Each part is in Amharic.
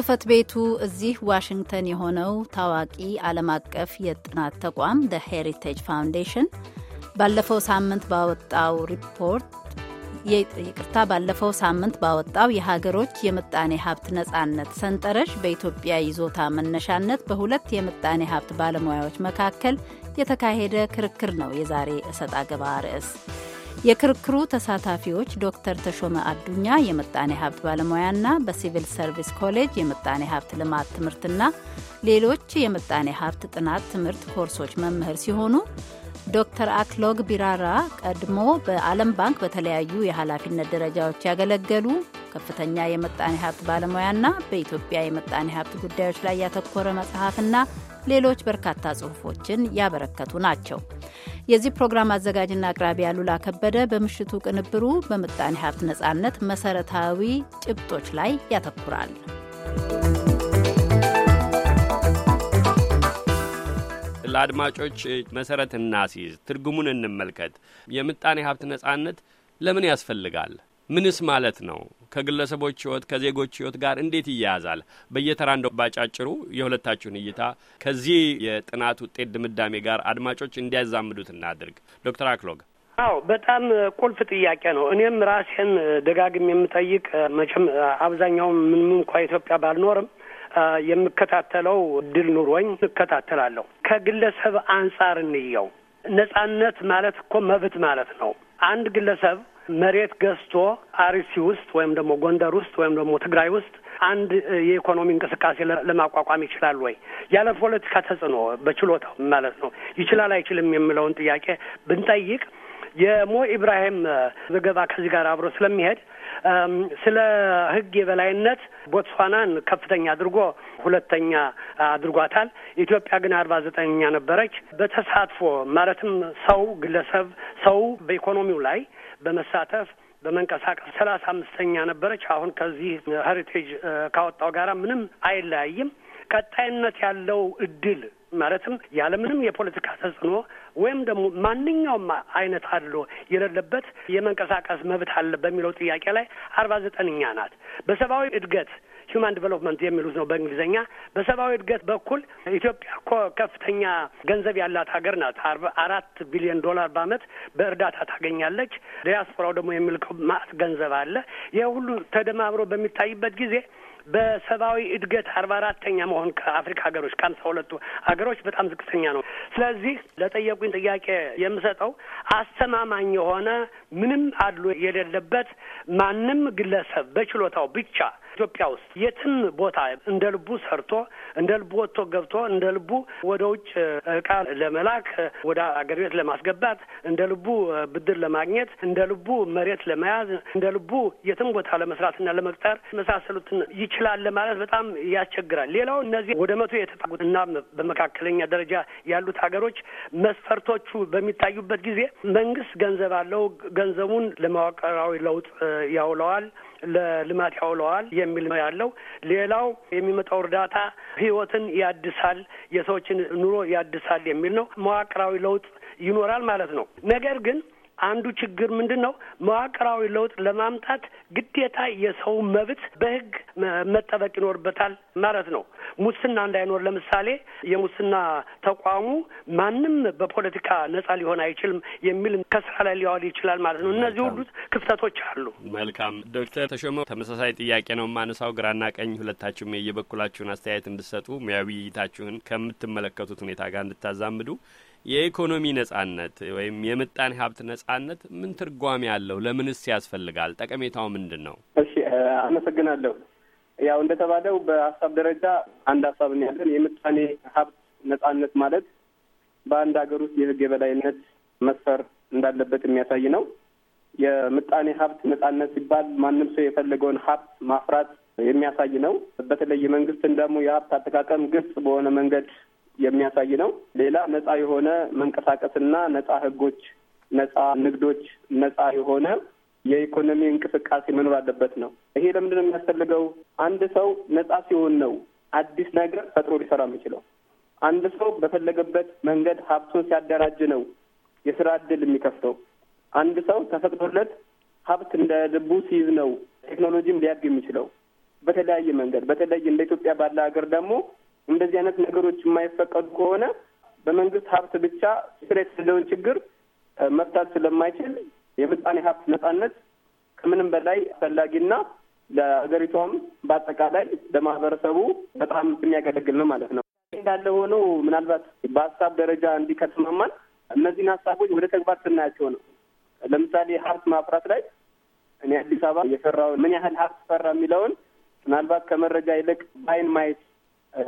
ጽህፈት ቤቱ እዚህ ዋሽንግተን የሆነው ታዋቂ ዓለም አቀፍ የጥናት ተቋም ደ ሄሪቴጅ ፋውንዴሽን ባለፈው ሳምንት ባወጣው ሪፖርት ይቅርታ፣ ባለፈው ሳምንት ባወጣው የሀገሮች የምጣኔ ሀብት ነጻነት ሰንጠረዥ በኢትዮጵያ ይዞታ መነሻነት በሁለት የምጣኔ ሀብት ባለሙያዎች መካከል የተካሄደ ክርክር ነው የዛሬ እሰጥ አገባ ርዕስ። የክርክሩ ተሳታፊዎች ዶክተር ተሾመ አዱኛ የምጣኔ ሀብት ባለሙያና በሲቪል ሰርቪስ ኮሌጅ የምጣኔ ሀብት ልማት ትምህርትና ሌሎች የምጣኔ ሀብት ጥናት ትምህርት ኮርሶች መምህር ሲሆኑ ዶክተር አክሎግ ቢራራ ቀድሞ በዓለም ባንክ በተለያዩ የኃላፊነት ደረጃዎች ያገለገሉ ከፍተኛ የምጣኔ ሀብት ባለሙያና በኢትዮጵያ የምጣኔ ሀብት ጉዳዮች ላይ ያተኮረ መጽሐፍና ሌሎች በርካታ ጽሑፎችን ያበረከቱ ናቸው። የዚህ ፕሮግራም አዘጋጅና አቅራቢ አሉላ ከበደ በምሽቱ ቅንብሩ በምጣኔ ሀብት ነጻነት መሰረታዊ ጭብጦች ላይ ያተኩራል። ለአድማጮች መሰረት እናስይዝ፣ ትርጉሙን እንመልከት። የምጣኔ ሀብት ነጻነት ለምን ያስፈልጋል? ምንስ ማለት ነው? ከግለሰቦች ህይወት ከዜጎች ህይወት ጋር እንዴት ይያያዛል? በየተራ እንደው ባጫጭሩ የሁለታችሁን እይታ ከዚህ የጥናት ውጤት ድምዳሜ ጋር አድማጮች እንዲያዛምዱት እናድርግ። ዶክተር አክሎግ አዎ በጣም ቁልፍ ጥያቄ ነው። እኔም ራሴን ደጋግም የምጠይቅ መቼም አብዛኛውም ምንም እንኳ ኢትዮጵያ ባልኖርም የምከታተለው ድል ኑሮኝ እከታተላለሁ። ከግለሰብ አንጻር እንየው። ነጻነት ማለት እኮ መብት ማለት ነው። አንድ ግለሰብ መሬት ገዝቶ አርሲ ውስጥ ወይም ደግሞ ጎንደር ውስጥ ወይም ደግሞ ትግራይ ውስጥ አንድ የኢኮኖሚ እንቅስቃሴ ለማቋቋም ይችላል ወይ? ያለ ፖለቲካ ተጽዕኖ በችሎታው ማለት ነው ይችላል አይችልም የሚለውን ጥያቄ ብንጠይቅ የሞ ኢብራሂም ዘገባ ከዚህ ጋር አብሮ ስለሚሄድ ስለ ህግ የበላይነት ቦትስዋናን ከፍተኛ አድርጎ ሁለተኛ አድርጓታል። ኢትዮጵያ ግን አርባ ዘጠነኛ ነበረች። በተሳትፎ ማለትም ሰው ግለሰብ ሰው በኢኮኖሚው ላይ በመሳተፍ በመንቀሳቀስ ሰላሳ አምስተኛ ነበረች። አሁን ከዚህ ሄሪቴጅ ካወጣው ጋራ ምንም አይለያይም። ቀጣይነት ያለው እድል ማለትም ያለምንም የፖለቲካ ተጽዕኖ ወይም ደግሞ ማንኛውም አይነት አድሎ የሌለበት የመንቀሳቀስ መብት አለ በሚለው ጥያቄ ላይ አርባ ዘጠነኛ ናት። በሰብአዊ እድገት ሂውማን ዲቨሎፕመንት የሚሉት ነው በእንግሊዝኛ። በሰብአዊ እድገት በኩል ኢትዮጵያ እኮ ከፍተኛ ገንዘብ ያላት ሀገር ናት። አራት ቢሊዮን ዶላር በዓመት በእርዳታ ታገኛለች። ዲያስፖራው ደግሞ የሚልከው ማት ገንዘብ አለ። ይህ ሁሉ ተደማምሮ በሚታይበት ጊዜ በሰብአዊ እድገት አርባ አራተኛ መሆን ከአፍሪካ ሀገሮች ከአምሳ ሁለቱ ሀገሮች በጣም ዝቅተኛ ነው። ስለዚህ ለጠየቁኝ ጥያቄ የምሰጠው አስተማማኝ የሆነ ምንም አድሎ የሌለበት ማንም ግለሰብ በችሎታው ብቻ ኢትዮጵያ ውስጥ የትም ቦታ እንደ ልቡ ሰርቶ እንደ ልቡ ወጥቶ ገብቶ እንደ ልቡ ወደ ውጭ እቃ ለመላክ ወደ አገር ቤት ለማስገባት እንደ ልቡ ብድር ለማግኘት እንደ ልቡ መሬት ለመያዝ እንደ ልቡ የትም ቦታ ለመስራትና ለመቅጠር መሳሰሉትን ይችላል ለማለት በጣም ያስቸግራል። ሌላው እነዚህ ወደ መቶ የተጠጉት እና በመካከለኛ ደረጃ ያሉት ሀገሮች መስፈርቶቹ በሚታዩበት ጊዜ መንግስት ገንዘብ አለው። ገንዘቡን ለመዋቅራዊ ለውጥ ያውለዋል። ለልማት ያውለዋል የሚል ነው ያለው። ሌላው የሚመጣው እርዳታ ህይወትን ያድሳል፣ የሰዎችን ኑሮ ያድሳል የሚል ነው። መዋቅራዊ ለውጥ ይኖራል ማለት ነው። ነገር ግን አንዱ ችግር ምንድን ነው? መዋቅራዊ ለውጥ ለማምጣት ግዴታ የሰው መብት በህግ መጠበቅ ይኖርበታል ማለት ነው። ሙስና እንዳይኖር ለምሳሌ የሙስና ተቋሙ ማንም በፖለቲካ ነጻ ሊሆን አይችልም የሚል ከስራ ላይ ሊዋል ይችላል ማለት ነው። እነዚህ ሁሉ ክፍተቶች አሉ። መልካም ዶክተር ተሾመ ተመሳሳይ ጥያቄ ነው ማነሳው። ግራና ቀኝ ሁለታችሁም የየበኩላችሁን አስተያየት እንድሰጡ ሙያዊ እይታችሁን ከምትመለከቱት ሁኔታ ጋር እንድታዛምዱ የኢኮኖሚ ነጻነት ወይም የምጣኔ ሀብት ነጻነት ምን ትርጓሜ አለው? ለምንስ ያስፈልጋል? ጠቀሜታው ምንድን ነው? እሺ አመሰግናለሁ። ያው እንደተባለው በሀሳብ ደረጃ አንድ ሀሳብ ያለን የምጣኔ ሀብት ነጻነት ማለት በአንድ ሀገር ውስጥ የህግ የበላይነት መስፈር እንዳለበት የሚያሳይ ነው። የምጣኔ ሀብት ነጻነት ሲባል ማንም ሰው የፈለገውን ሀብት ማፍራት የሚያሳይ ነው። በተለይ መንግስትን ደግሞ የሀብት አጠቃቀም ግልጽ በሆነ መንገድ የሚያሳይ ነው። ሌላ ነጻ የሆነ መንቀሳቀስና ነጻ ህጎች፣ ነጻ ንግዶች፣ ነጻ የሆነ የኢኮኖሚ እንቅስቃሴ መኖር አለበት ነው። ይሄ ለምንድን ነው የሚያስፈልገው? አንድ ሰው ነጻ ሲሆን ነው አዲስ ነገር ፈጥሮ ሊሰራ የሚችለው። አንድ ሰው በፈለገበት መንገድ ሀብቱን ሲያደራጅ ነው የስራ እድል የሚከፍተው። አንድ ሰው ተፈቅዶለት ሀብት እንደ ልቡ ሲይዝ ነው ቴክኖሎጂም ሊያድግ የሚችለው በተለያየ መንገድ። በተለይ እንደ ኢትዮጵያ ባለ ሀገር ደግሞ እንደዚህ አይነት ነገሮች የማይፈቀዱ ከሆነ በመንግስት ሀብት ብቻ ስራ የተሰደውን ችግር መፍታት ስለማይችል የምጣኔ ሀብት ነጻነት ከምንም በላይ አስፈላጊና ለሀገሪቷም በአጠቃላይ ለማህበረሰቡ በጣም የሚያገለግል ነው ማለት ነው። እንዳለ ሆኖ ምናልባት በሀሳብ ደረጃ እንዲከስማማን እነዚህን ሀሳቦች ወደ ተግባር ስናያቸው ነው። ለምሳሌ ሀብት ማፍራት ላይ እኔ አዲስ አበባ የሰራውን ምን ያህል ሀብት ፈራ የሚለውን ምናልባት ከመረጃ ይልቅ በአይን ማየት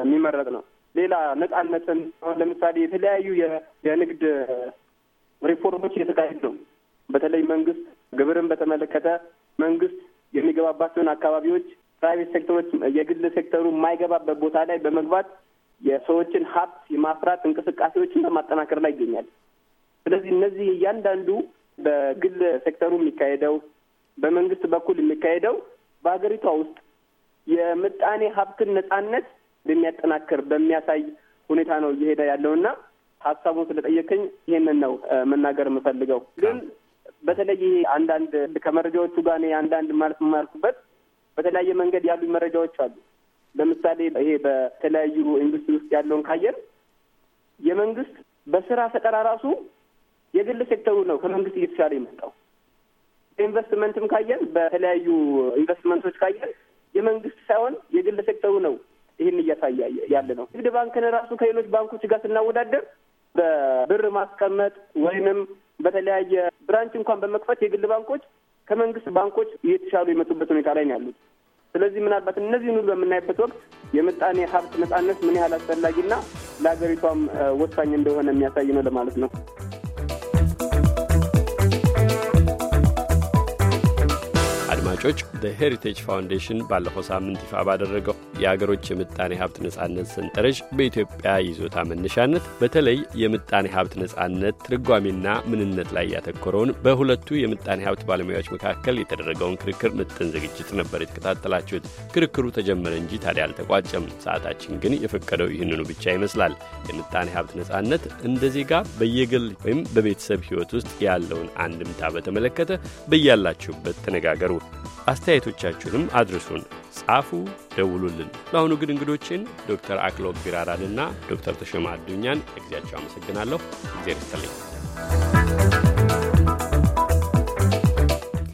የሚመረጥ ነው። ሌላ ነጻነትን ለምሳሌ የተለያዩ የንግድ ሪፎርሞች እየተካሄዱ ነው። በተለይ መንግስት ግብርን በተመለከተ መንግስት የሚገባባቸውን አካባቢዎች ፕራይቬት ሴክተሮች፣ የግል ሴክተሩ የማይገባበት ቦታ ላይ በመግባት የሰዎችን ሀብት የማፍራት እንቅስቃሴዎችን በማጠናከር ላይ ይገኛል። ስለዚህ እነዚህ እያንዳንዱ በግል ሴክተሩ የሚካሄደው በመንግስት በኩል የሚካሄደው በሀገሪቷ ውስጥ የምጣኔ ሀብትን ነጻነት የሚያጠናክር በሚያሳይ ሁኔታ ነው እየሄደ ያለውና ሀሳቡን ስለጠየከኝ ይህንን ነው መናገር የምፈልገው ግን በተለይ አንዳንድ ከመረጃዎቹ ጋር አንዳንድ ማለት የማያልኩበት በተለያየ መንገድ ያሉ መረጃዎች አሉ። ለምሳሌ ይሄ በተለያዩ ኢንዱስትሪ ውስጥ ያለውን ካየን የመንግስት በስራ ፈጠራ ራሱ የግል ሴክተሩ ነው ከመንግስት እየተሻለ የመጣው። ኢንቨስትመንትም ካየን በተለያዩ ኢንቨስትመንቶች ካየን የመንግስት ሳይሆን የግል ሴክተሩ ነው ይህን እያሳየ ያለ ነው። ንግድ ባንክን ራሱ ከሌሎች ባንኮች ጋር ስናወዳደር በብር ማስቀመጥ ወይንም በተለያየ ብራንች እንኳን በመክፈት የግል ባንኮች ከመንግስት ባንኮች እየተሻሉ የመጡበት ሁኔታ ላይ ነው ያሉት። ስለዚህ ምናልባት እነዚህን ሁሉ በምናይበት ወቅት የምጣኔ ሀብት ነጻነት ምን ያህል አስፈላጊና ለሀገሪቷም ወሳኝ እንደሆነ የሚያሳይ ነው ለማለት ነው። አድማጮች፣ በሄሪቴጅ ፋውንዴሽን ባለፈው ሳምንት ይፋ ባደረገው የአገሮች የምጣኔ ሀብት ነጻነት ሰንጠረዥ በኢትዮጵያ ይዞታ መነሻነት በተለይ የምጣኔ ሀብት ነጻነት ትርጓሜና ምንነት ላይ ያተኮረውን በሁለቱ የምጣኔ ሀብት ባለሙያዎች መካከል የተደረገውን ክርክር ምጥን ዝግጅት ነበር የተከታተላችሁት። ክርክሩ ተጀመረ እንጂ ታዲያ አልተቋጨም። ሰዓታችን ግን የፈቀደው ይህንኑ ብቻ ይመስላል። የምጣኔ ሀብት ነጻነት እንደ ዜጋ በየግል ወይም በቤተሰብ ህይወት ውስጥ ያለውን አንድምታ በተመለከተ በያላችሁበት ተነጋገሩ። አስተያየቶቻችሁንም አድርሱን። ጻፉ፣ ደውሉልን። ለአሁኑ ግን እንግዶችን ዶክተር አክሎግ ቢራራንና ዶክተር ተሾማ አዱኛን ለጊዜያቸው አመሰግናለሁ። እግዜር ይስጥልኝ።